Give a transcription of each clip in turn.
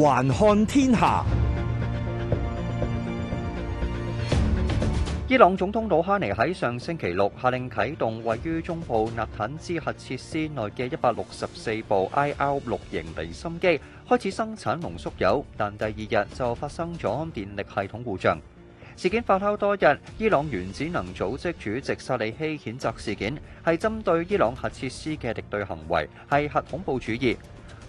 環看天下。伊朗總統魯哈尼喺上星期六下令啟動位於中部納坦茲核設施內嘅一百六十四部 IL 六型離心機，開始生產濃縮鈾，但第二日就發生咗電力系統故障。事件發酵多日，伊朗原子能組織主席薩利希譴責事件係針對伊朗核設施嘅敵對行為，係核恐怖主義。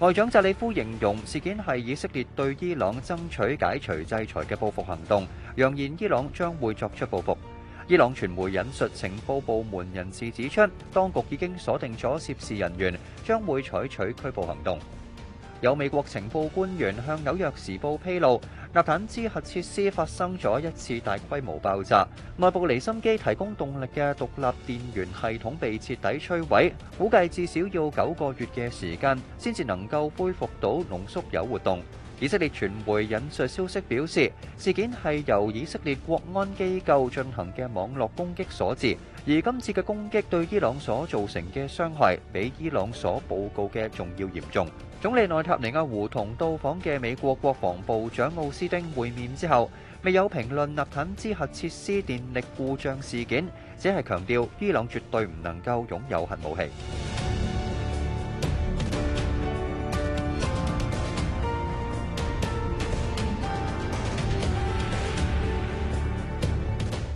外長扎里夫形容事件係以色列對伊朗爭取解除制裁嘅報復行動，揚言伊朗將會作出報復。伊朗傳媒引述情報部門人士指出，當局已經鎖定咗涉事人員，將會採取拘捕行動。有美國情報官員向《紐約時報》披露，納坦茲核設施發生咗一次大規模爆炸，內部離心機提供動力嘅獨立電源系統被徹底摧毀，估計至少要九個月嘅時間先至能夠恢復到濃縮鈾活動。以色列傳媒引述消息表示，事件係由以色列國安機構進行嘅網絡攻擊所致，而今次嘅攻擊對伊朗所造成嘅傷害比伊朗所報告嘅仲要嚴重。總理內塔尼亞胡同到訪嘅美國國防部長奧斯丁會面之後未有評論納坦茲核設施電力故障事件，只係強調伊朗絕對唔能夠擁有核武器。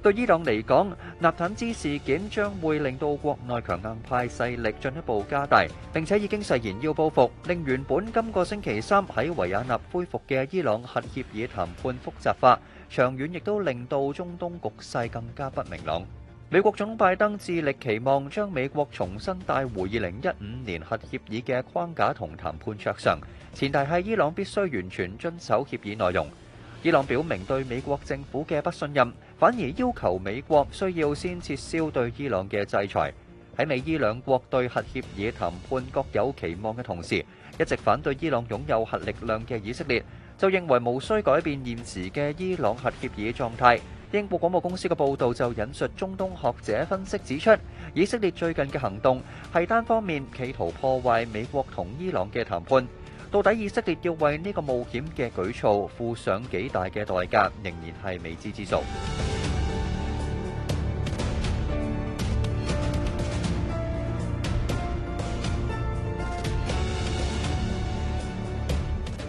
對伊朗嚟講，納坦茲事件將會令到國內強硬派勢力進一步加大，並且已經誓言要報復，令原本今個星期三喺維也納恢復嘅伊朗核協議談判複雜化。長遠亦都令到中東局勢更加不明朗。美國總統拜登致力期望將美國重新帶回二零一五年核協議嘅框架同談判桌上，前提係伊朗必須完全遵守協議內容。伊朗表明對美國政府嘅不信任。反而要求美國需要先撤銷對伊朗嘅制裁。喺美伊兩國對核協議談判各有期望嘅同時，一直反對伊朗擁有核力量嘅以色列就認為無需改變現時嘅伊朗核協議狀態。英國廣播公司嘅報導就引述中東學者分析指出，以色列最近嘅行動係單方面企圖破壞美國同伊朗嘅談判。到底以色列要為呢個冒險嘅舉措付上幾大嘅代價，仍然係未知之數。